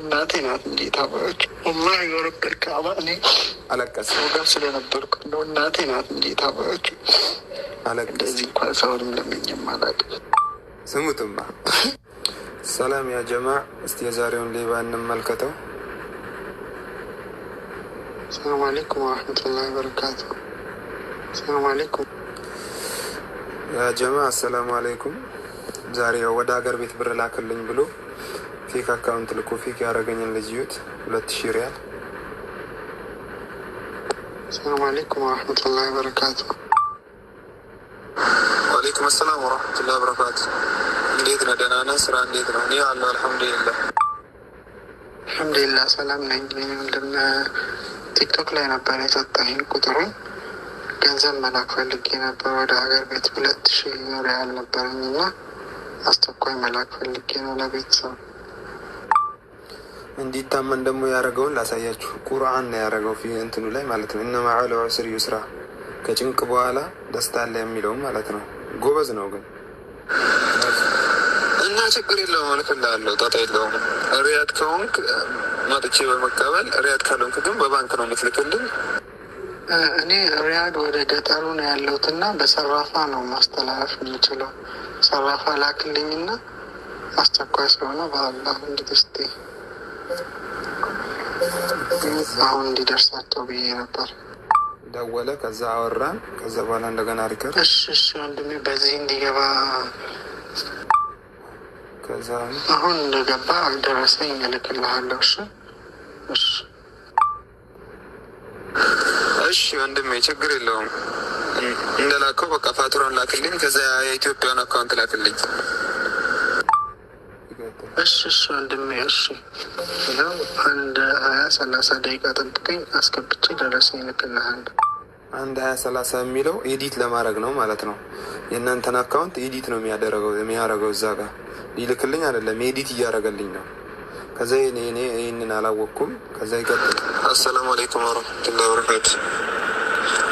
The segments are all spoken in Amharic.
እናቴ ናት። እንዴት አባች ማ የወረበር ከአባ እኔ አለቀስ ስለነበርኩ እንደው እናቴ ናት። እንዴት አባች እንደዚህ እንኳን ሰውንም ለምኝም አላውቅም። ስሙትማ ሰላም ያ ጀማ፣ እስቲ የዛሬውን ሌባ እንመልከተው። ሰላም አለይኩም ሰላም አለይኩም ያ ጀማ። አሰላሙ አለይኩም። ዛሬ ወደ ሀገር ቤት ብር ላክልኝ ብሎ ፌክ አካውንት ልኮ ፌክ ያደረገኝን ልጅ እዩት። ሁለት ሺ ሪያል። ሰላም አለይኩም ወረሕመቱላ በረካቱ። ዋሌይኩም አሰላም ወረሕመቱላ በረካቱ። እንዴት ነው? ደህና ነህ? ስራ እንዴት ነው? እኔ አለሁ አልሐምዱሊላህ። አልሐምዱሊላህ ሰላም ነኝ። ምንድን ቲክቶክ ላይ ነበር የሰጠኸኝ ቁጥሩን ገንዘብ መላክ ፈልጌ ነበር ወደ ሀገር ቤት ሁለት ሺ ሪያል ነበረኝ እና አስቸኳይ መላክ ፈልጌ ነው ለቤተሰብ እንዲታመን ደግሞ ያደረገውን ላሳያችሁ። ቁርአን ነው ያደረገው እንትኑ ላይ ማለት ነው። እነማ አለ ዑስር ዩስራ ከጭንቅ በኋላ ደስታ አለ የሚለው ማለት ነው። ጎበዝ ነው ግን እና ችግር የለውም እልክልሃለሁ። ጣጣ የለውም። ሪያድ ከሆንክ መጥቼ በመቀበል ሪያድ ካልሆንክ ግን በባንክ ነው የምትልክልን። እኔ ሪያድ ወደ ገጠሩ ነው ያለሁት እና በሰራፋ ነው ማስተላለፍ የምችለው። ሰራፋ ላክልኝና አስቸኳይ ስለሆነ በአላ እንድትስቴ አሁን እንዲደርሳቸው ብዬ ነበር። ደወለ፣ ከዛ አወራን። ከዛ በኋላ እንደገና ሪከር እሺ፣ እሺ ወንድሜ በዚህ እንዲገባ ከዛ አሁን እንደገባ ደረሰኝ እልክልሃለሁ። እሺ፣ እሺ፣ እሺ ወንድሜ ችግር የለውም። እንደላከው በቃ ፋቱራን ላክልኝ። ከዛ የኢትዮጵያን አካውንት ላክልኝ። እሺ እሺ ወንድሜ እሺ ብለው አንድ ሀያ ሰላሳ ደቂቃ ጠብቀኝ፣ አስገብቼ ደረሰኝ ልክልሃል። አንድ ሀያ ሰላሳ የሚለው ኤዲት ለማድረግ ነው ማለት ነው። የእናንተን አካውንት ኤዲት ነው የሚያደረገው የሚያደረገው እዛ ጋር ሊልክልኝ አይደለም፣ ኤዲት እያደረገልኝ ነው። ከዛ እኔ ይህንን አላወቅኩም። ከዛ ይቀጥል። አሰላሙ አለይኩም ወረህመቱላሂ ወበረካቱ።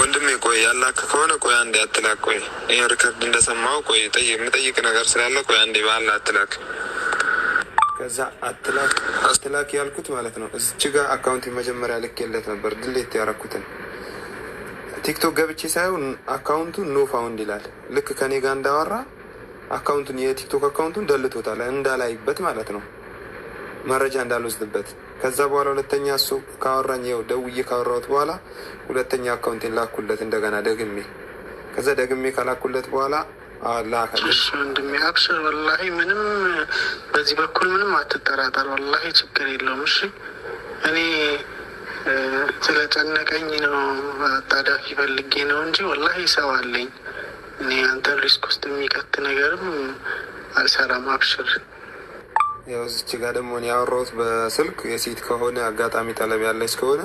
ወንድሜ ቆይ ያላክ ከሆነ ቆይ አንዴ አትላክ። ቆይ ይህ ሪከርድ እንደሰማው ቆይ የምጠይቅ ነገር ስላለ ቆይ አንዴ በአላ አትላክ። ከዛ አትላክ አትላክ ያልኩት ማለት ነው። እዚች ጋ አካውንት መጀመሪያ ልኬለት ነበር ድሌት ያረኩትን ቲክቶክ ገብቼ ሳይሆን አካውንቱ ኖ ፋውንድ ይላል። ልክ ከኔ ጋር እንዳወራ አካውንቱን የቲክቶክ አካውንቱን ደልቶታል፣ እንዳላይበት ማለት ነው፣ መረጃ እንዳልወስድበት። ከዛ በኋላ ሁለተኛ እሱ ካወራኝ ው ደውዬ ካወራሁት በኋላ ሁለተኛ አካውንቴን ላኩለት እንደገና ደግሜ። ከዛ ደግሜ ካላኩለት በኋላ እሱ ወንድሜ አብሽር፣ ወላሂ ምንም በዚህ በኩል ምንም አትጠራጠር፣ ወላሂ ችግር የለውም። እሺ እኔ ስለጨነቀኝ ነው አጣዳፊ ፈልጌ ነው እንጂ ወላሂ ሰው አለኝ። እኔ አንተን ሪስክ ውስጥ የሚከት ነገርም አልሰራም። አብሽር ያው እዚች ጋር ደግሞ ያወራሁት በስልክ የሴት ከሆነ አጋጣሚ ጠለብ ያለች ከሆነ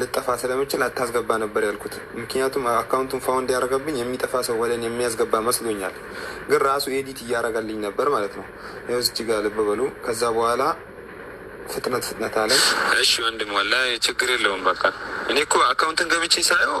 ልጠፋ ስለምችል አታስገባ ነበር ያልኩት። ምክንያቱም አካውንቱን ፋውንድ ያደረገብኝ የሚጠፋ ሰው ወደን የሚያስገባ መስሎኛል፣ ግን ራሱ ኤዲት እያደረገልኝ ነበር ማለት ነው። ያው እዚች ጋር ልብ በሉ። ከዛ በኋላ ፍጥነት ፍጥነት አለ። እሺ ወንድም ወላ ችግር የለውም በቃ እኔ እኮ አካውንትን ገብቼ ሳየው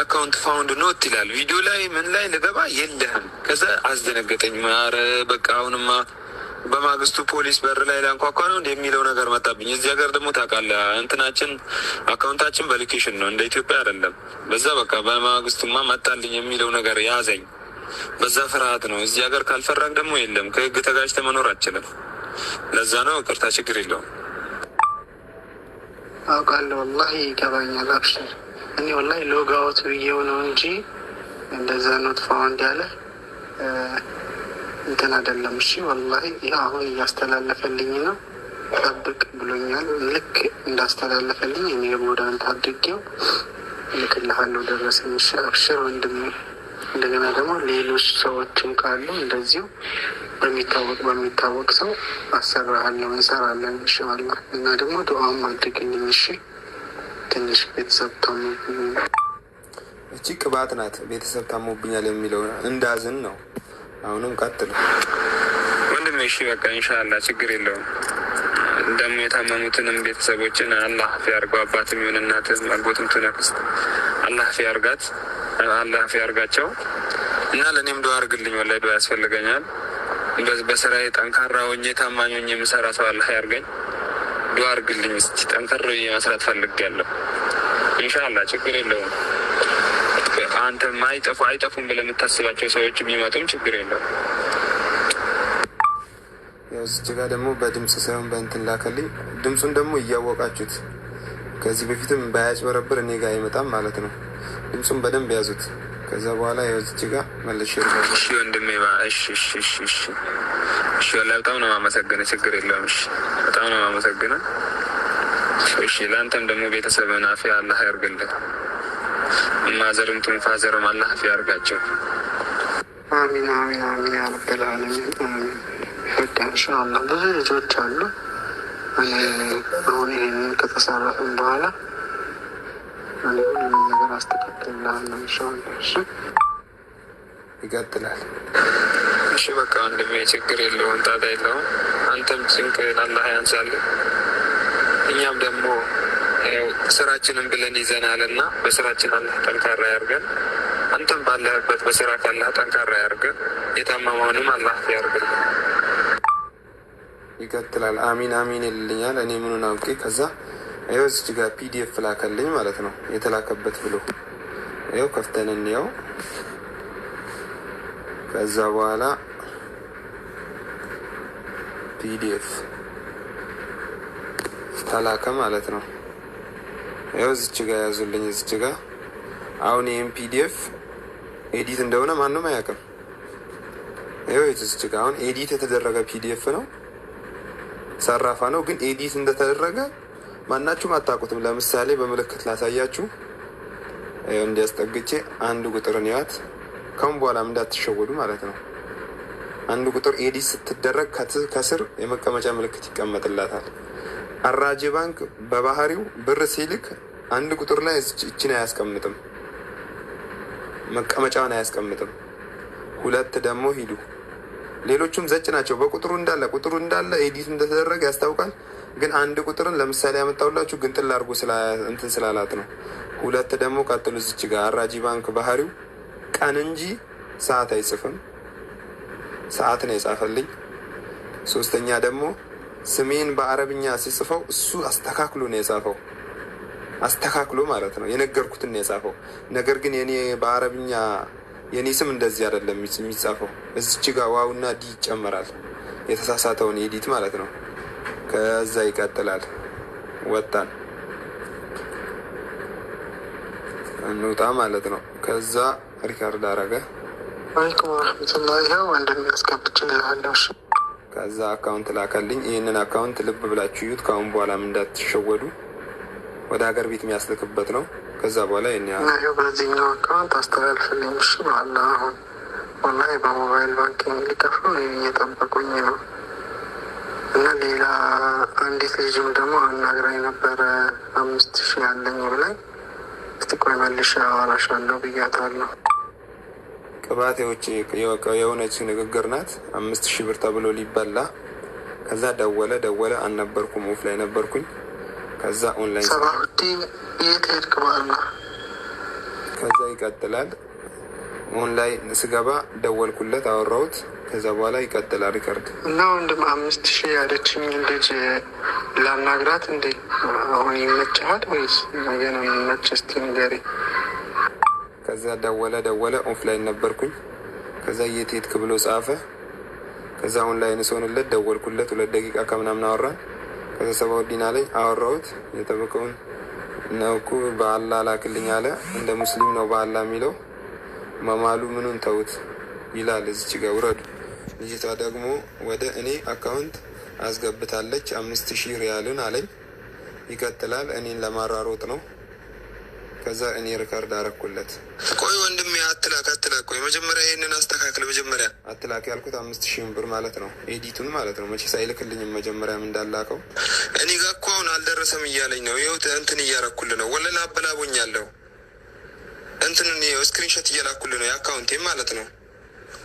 አካውንት ፋውንድ ኖት ይላል ቪዲዮ ላይ ምን ላይ ልገባ የለህም። ከዛ አስደነገጠኝ። ማረ በቃ አሁንማ በማግስቱ ፖሊስ በር ላይ ላንኳኳ ነው እንደ የሚለው ነገር መጣብኝ። እዚህ ሀገር ደግሞ ታውቃለህ እንትናችን አካውንታችን በሎኬሽን ነው እንደ ኢትዮጵያ አይደለም። በዛ በቃ በማግስቱማ መጣልኝ የሚለው ነገር ያዘኝ። በዛ ፍርሃት ነው። እዚህ ሀገር ካልፈራግ ደግሞ የለም ከህግ ተጋጅተ መኖር አችልም። ለዛ ነው ቅርታ፣ ችግር የለውም አውቃለሁ። ወላሂ ይገባኛል። አብሽር እኔ ወላሂ ሎጋውት ብዬው ነው እንጂ እንደዛ ኖት ፋውንድ ያለ እንትን አይደለም። እሺ ወላሂ ይህ አሁን እያስተላለፈልኝ ነው ጠብቅ ብሎኛል። ልክ እንዳስተላለፈልኝ እኔ ቦዳንት አድርጌው ልክልሃለሁ ደረሰኝ። አብሽር ወንድሜ። እንደገና ደግሞ ሌሎች ሰዎችም ካሉ እንደዚሁ በሚታወቅ በሚታወቅ ሰው አሰራሃለሁ፣ እንሰራለን። እሺ አላ እና ደግሞ ዱዓም አድርግልኝ። እሺ ትንሽ ቤተሰብ ታሙ እቺ ቅባት ናት ቤተሰብ ታሞብኛል የሚለው እንዳዝን ነው አሁንም ቀጥሉ ወንድም። እሺ በቃ እንሻላ ችግር የለውም። ደግሞ የታመሙትንም ቤተሰቦችን አላህ ፊ ያርገው። አባትም ይሁን እናትም አጎትም ትነክስ አላህ ፊ ያርጋት፣ አላህ ፊ ያርጋቸው እና ለእኔም ዱዓ አርግልኝ። ወላሂ ዱዓ ያስፈልገኛል። በስራዬ ጠንካራ ሆኜ ታማኝ ሆኜ የምሰራ ሰው አላህ ያርገኝ። ዱዓ አርግልኝ። እስኪ ጠንከር መስራት ፈልግ ያለው እንሻላ ችግር የለውም። ከአንተ ማይጠፉ አይጠፉም ብለህ የምታስባቸው ሰዎች የሚመጡም ችግር የለው። እዚህ ጋ ደግሞ በድምፅ ሳይሆን በእንትን ላከልኝ። ድምፁን ደግሞ እያወቃችሁት ከዚህ በፊትም ባያጭበረብር እኔ ጋር አይመጣም ማለት ነው። ድምፁን በደንብ ያዙት። ከዛ በኋላ የዚች ጋ መለሽ እሺ፣ ወንድሜ እሺ፣ እሺ፣ እሺ፣ እሺ። በጣም ነው ማመሰግነ። ችግር የለውም። እሺ፣ በጣም ነው ማመሰግነ። እሺ፣ ለአንተም ደግሞ ቤተሰብ ናፊ አላህ ያርግልህ። ማዘርም ቱንፋዘርም አላህ ፊ ያርጋቸው። አሚን አሚን አሚን ያረብል አለሚን ብዙ ልጆች አሉ። አሁን ይህንን ከተሰራም በኋላ ሁሉም ነገር አስተካክላለሁ ኢንሻላህ። እሺ ይቀጥላል። እሺ በቃ ወንድሜ ችግር የለውም ጣጣ የለውም። አንተም ጭንቅህን አላህ ያንሳልህ እኛም ደግሞ ያው ስራችንን ብለን ይዘናል እና በስራችን አላህ ጠንካራ ያርገን። አንተም ባለህበት በስራ ካላህ ጠንካራ ያርገን። የታመመውንም አላህ ያርገን። ይቀጥላል። አሚን አሚን ይልኛል። እኔ ምኑን አውቄ ከዛ ይኸው እዚህ ጋ ፒዲኤፍ ላከልኝ ማለት ነው የተላከበት ብሎ ይኸው ከፍተን እንየው። ከዛ በኋላ ፒዲኤፍ ተላከ ማለት ነው። ያው እዚች ጋ ያዙልኝ። እዚች ጋ አሁን ይህም ፒዲኤፍ ኤዲት እንደሆነ ማንም አያውቅም። ይኸው እዚች ጋ አሁን ኤዲት የተደረገ ፒዲኤፍ ነው፣ ሰራፋ ነው። ግን ኤዲት እንደተደረገ ማናችሁም አታውቁትም። ለምሳሌ በምልክት ላሳያችሁ። እንዲያስጠግቼ አንድ ቁጥርን ያት ከም በኋላም እንዳትሸወዱ ማለት ነው። አንድ ቁጥር ኤዲት ስትደረግ ከስር የመቀመጫ ምልክት ይቀመጥላታል። አራጅ ባንክ በባህሪው ብር ሲልክ አንድ ቁጥር ላይ እችን አያስቀምጥም፣ መቀመጫውን አያስቀምጥም። ሁለት ደግሞ ሂዱ ሌሎቹም ዘጭ ናቸው። በቁጥሩ እንዳለ ቁጥሩ እንዳለ ኤዲት እንደተደረገ ያስታውቃል። ግን አንድ ቁጥርን ለምሳሌ ግን ጥል አድርጎ እንትን ስላላት ነው። ሁለት ደግሞ ቀጥሉ ዝች ጋር አራጂ ባንክ ባህሪው ቀን እንጂ ሰዓት አይጽፍም። ሰዓት ነው የጻፈልኝ። ሶስተኛ ደግሞ ስሜን በአረብኛ ሲጽፈው እሱ አስተካክሎ ነው የጻፈው። አስተካክሎ ማለት ነው የነገርኩትን ነው የጻፈው። ነገር ግን የኔ በአረብኛ የኔ ስም እንደዚህ አይደለም የሚጻፈው። እዚች ጋ ዋውና ዲ ይጨመራል። የተሳሳተውን ኤዲት ማለት ነው። ከዛ ይቀጥላል። ወጣን እንውጣ ማለት ነው። ከዛ ሪካርድ አረገ። ከዛ አካውንት ላከልኝ። ይህንን አካውንት ልብ ብላችሁ እዩት፣ ከአሁን በኋላም እንዳትሸወዱ። ወደ ሀገር ቤት የሚያስልክበት ነው። ከዛ በኋላ ይ በዚህኛው አካውንት አስተላልፍልኝ እሺ በኋላ አሁን ወላሂ በሞባይል ባንኪንግ ሊከፍሉ እየጠበቁኝ ነው እና ሌላ አንዲት ልጅም ደግሞ አናግራኝ ነበረ አምስት ሺህ ያለኝ ብላኝ እስቲ ቆይ መልሼ አወራሻለሁ ብያታለሁ። ቅባት የሆነች ንግግር ናት። አምስት ሺህ ብር ተብሎ ሊበላ ከዛ ደወለ ደወለ አልነበርኩም ኦፍ ላይ ነበርኩኝ ከዛ ኦንላይን ሰባሁዲን የት ሄድክ በአላ። ከዛ ይቀጥላል። ኦንላይን ስገባ ደወልኩለት፣ አወራሁት። ከዛ በኋላ ይቀጥላል ሪከርድ እና ወንድም አምስት ሺህ ያለችኝ ልጅ ላናግራት እንዴ? አሁን ይመችሃል ወይስ ነገ ነው የሚመች? እስኪ ንገረኝ። ከዛ ደወለ ደወለ፣ ኦፍላይን ነበርኩኝ። ከዛ የት ሄድክ ብሎ ጻፈ። ከዛ ኦንላይን ስሆንለት ደወልኩለት፣ ሁለት ደቂቃ ከምናምን አወራን። ከዛ ሰባውዲን አለኝ አወራሁት። የጠበቀውን ነው እኮ ላክልኝ አለ። እንደ ሙስሊም ነው በአላ የሚለው መማሉ ምኑን ተውት ይላል። እዚች ጋ ውረዱ። ልጅቷ ደግሞ ወደ እኔ አካውንት አስገብታለች አምስት ሺህ ሪያልን አለኝ። ይቀጥላል። እኔን ለማራሮጥ ነው ከዛ እኔ ሪከርድ አረኩለት። ቆይ ወንድሜ አትላክ አትላክ፣ ቆይ መጀመሪያ ይህንን አስተካክል። መጀመሪያ አትላክ ያልኩት አምስት ሺህ ብር ማለት ነው፣ ኤዲቱን ማለት ነው። መቼ ሳይልክልኝም መጀመሪያም እንዳላከው እኔ ጋ እኮ አሁን አልደረሰም እያለኝ ነው። ይኸው እንትን እያረኩል ነው፣ ወለላ አበላቦኛለሁ። እንትን ስክሪንሾት እየላኩል ነው፣ የአካውንቴም ማለት ነው።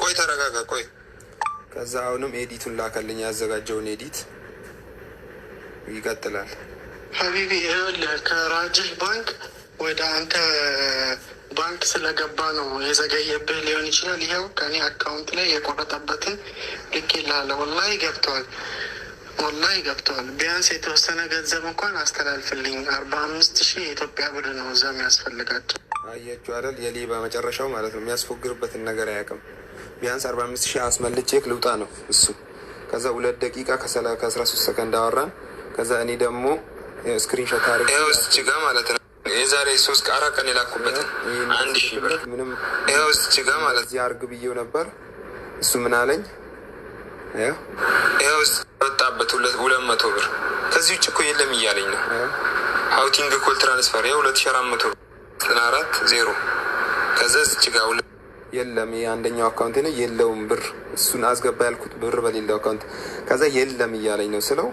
ቆይ ተረጋጋ፣ ቆይ ከዛ አሁንም ኤዲቱን ላከልኝ፣ ያዘጋጀውን ኤዲት ይቀጥላል። ሀቢቢ ከራጅል ባንክ ወደ አንተ ባንክ ስለገባ ነው የዘገየብህ ሊሆን ይችላል። ይኸው ከኔ አካውንት ላይ የቆረጠበትን ልክ ይላለ። ወላሂ ገብተዋል፣ ወላሂ ገብተዋል። ቢያንስ የተወሰነ ገንዘብ እንኳን አስተላልፍልኝ። አርባ አምስት ሺህ የኢትዮጵያ ብር ነው እዛ ያስፈልጋቸው። አየችው አይደል? የሌባ መጨረሻው ማለት ነው። የሚያስፎግርበትን ነገር አያውቅም። ቢያንስ አርባ አምስት ሺህ አስመልቼክ ልውጣ ነው እሱ። ከዛ ሁለት ደቂቃ ከአስራ ሶስት ሰከንድ አወራን። ከዛ እኔ ደግሞ ስክሪንሾት አድርጌ እዚህ ጋ ማለት ነው የዛሬ ሶስት ቃራ ቀን የላኩበትን አንድ ሺ ብር ምንም ይኸው እዚህ ጋ ማለት እዚህ አርግ ብዬው ነበር። እሱ ምን አለኝ? ይኸው እዚህ ወጣበት ሁለት መቶ ብር ከዚህ ውጭ እኮ የለም እያለኝ ነው። ሀውቲንግ ኮል ትራንስፈር ይኸው ሁለት ሺ አራት መቶ ብር ዘጠና አራት ዜሮ ከዚ እዚህ ጋ ሁለት የለም የአንደኛው አካውንት ነው የለውም ብር እሱን አስገባ ያልኩት ብር በሌለው አካውንት ከዛ የለም እያለኝ ነው ስለው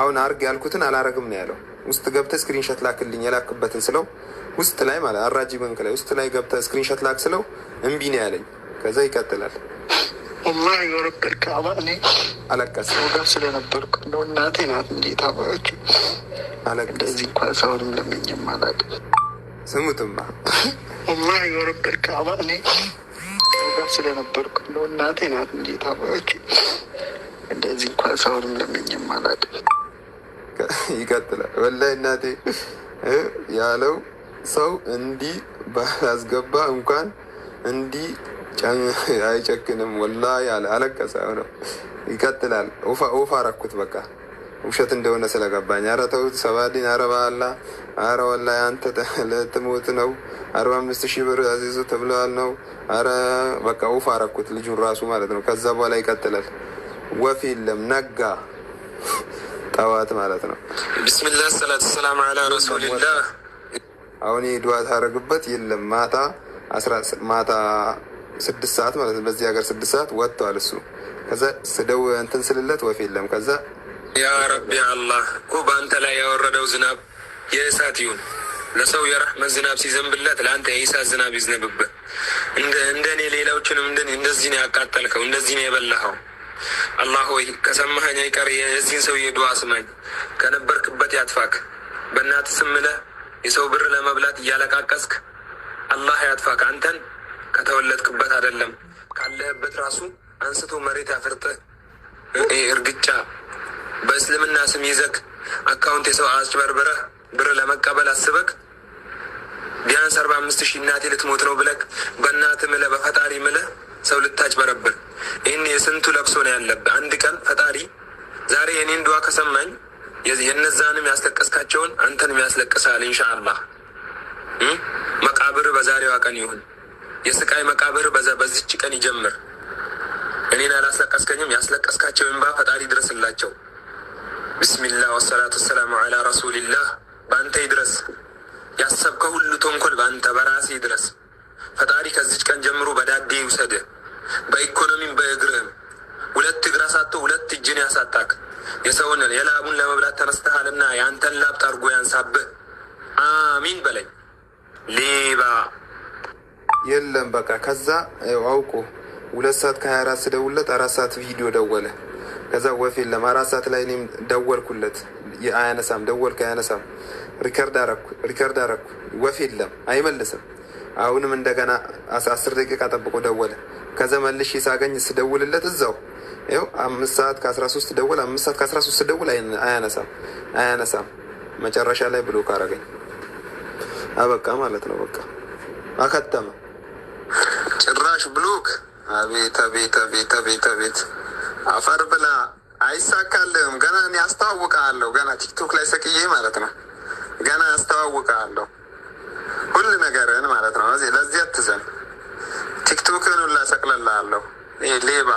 አሁን አርግ ያልኩትን አላረግም ነው ያለው። ውስጥ ገብተ ስክሪንሾት ላክልኝ የላክበትን ስለው ውስጥ ላይ ማለት አራጂ መንክ ላይ ውስጥ ላይ ገብተ ስክሪንሾት ላክ ስለው እምቢ ነው ያለኝ። ከዛ ይቀጥላል ወላሂ የወረበድ ከአባ እኔ አለቀስ ጋር ስለነበርኩ እንደው እናቴ ናት እንጂ ታባችሁ አለቀስ እንደዚህ እንኳን ሰውን ለምኝም አላቅ ስሙትማ ወላሂ የወረበድ ከአባ እኔ ጋር ስለነበርኩ እንደው እናቴ ናት እንጂ ታባችሁ እንደዚህ እንኳን ሰውንም ለምኝም አላቅ ይቀጥላል። ወላይ እናቴ ያለው ሰው እንዲህ ባላስገባ እንኳን እንዲህ አይጨክንም። ወላሂ አለቀሰ ነው። ይቀጥላል። ውፋ አረኩት በቃ ውሸት እንደሆነ ስለገባኝ አረ ተውት። ሰባዲን አረ በአላ አረ ወላ አንተ ልትሞት ነው። አርባ አምስት ሺህ ብር አዚዙ ተብለዋል ነው። አረ በቃ ውፋ አረኩት ልጁን ራሱ ማለት ነው። ከዛ በኋላ ይቀጥላል። ወፍ የለም ነጋ ጠዋት ማለት ነው። ብስምላ ሰላት ሰላም አላ ረሱልላ አሁን ድዋት ድዋ የለም። ማታ ማታ ስድስት ሰዓት ማለት ነው። በዚህ ሀገር ስድስት ሰዓት ወጥተዋል። እሱ። ከዛ ስደው እንትን ስልለት ወፍ የለም። ከዛ ያ ረቢ አላህ እኮ በአንተ ላይ ያወረደው ዝናብ የእሳት ይሁን ለሰው የረህመት ዝናብ ሲዘንብለት ለአንተ የእሳት ዝናብ ይዝነብበት። እንደኔ ሌላዎችንም እንደዚህ ነው ያቃጠልከው፣ እንደዚህ ነው የበላኸው አላህ ሆይ ከሰማኸኝ አይቀር የዚህን ሰውዬ ዱዓ ስማኝ፣ ከነበርክበት ያጥፋክ። በእናት ስም የሰው ብር ለመብላት እያለቃቀስክ አላህ ያጥፋክ። አንተን ከተወለድክበት አይደለም ካለህበት ራሱ አንስቶ መሬት አፍርጥህ እርግጫ በእስልምና ስም ይዘክ አካውንት የሰው አጭበርብረህ ብር ለመቀበል አስበክ ቢያንስ አርባ አምስት ሺህ እናቴ ልትሞት ነው ብለክ በእናት ምለ በፈጣሪ ምለህ ሰው ልታጭበረብር። ይህን የስንቱ ለቅሶ ነው ያለብ አንድ ቀን ፈጣሪ ዛሬ የኔን ድዋ ከሰማኝ የነዛንም ያስለቀስካቸውን አንተንም ያስለቅሳል። ኢንሻአላህ መቃብር በዛሬዋ ቀን ይሁን። የስቃይ መቃብር በዚች ቀን ይጀምር። እኔን አላስለቀስከኝም። ያስለቀስካቸው እንባ ፈጣሪ ድረስላቸው። ብስሚላህ ወሰላቱ ወሰላሙ አላ ረሱሊላህ። በአንተ ይድረስ። ያሰብከ ሁሉ ተንኮል በአንተ በራሴ ይድረስ። ፈጣሪ ከዚች ቀን ጀምሮ በዳዴ ይውሰድህ። በኢኮኖሚም በእግርህም ሁለት እግር አሳቶ ሁለት እጅን ያሳጣክ የሰውን የላቡን ለመብላት ተነስተሃልና የአንተን ላብ ጠርጎ ያንሳብህ። አሚን በለኝ ሌባ የለም። በቃ ከዛ አውቆ ሁለት ሰዓት ከሀያ አራት ስደውለት አራት ሰዓት ቪዲዮ ደወለ። ከዛ ወፍ የለም አራት ሰዓት ላይ እኔም ደወልኩለት አያነሳም። ደወልኩ አያነሳም። ሪከርድ አረኩ ሪከርድ አረኩ። ወፍ የለም አይመልስም። አሁንም እንደገና አስር ደቂቃ ጠብቆ ደወለ። ከዛ መልሼ ሳገኝ ስደውልለት እዛው ይኸው አምስት ሰዓት ከአስራ ሶስት ደውል አምስት ሰዓት ከአስራ ሶስት ደውል አያነሳም አያነሳም። መጨረሻ ላይ ብሎ ካረገኝ አበቃ ማለት ነው። በቃ አከተመ። ጭራሽ ብሎክ። አቤት አቤት አቤት አቤት አቤት! አፈር ብላ አይሳካልህም። ገና እኔ አስተዋውቃለሁ ገና ቲክቶክ ላይ ሰቅዬ ማለት ነው። ገና አስተዋውቃለሁ ሁሉ ነገርህን ማለት ነው። ለዚህ አትዘን። ቲክቶክን ሁላ ሰቅለላለሁ ሌባ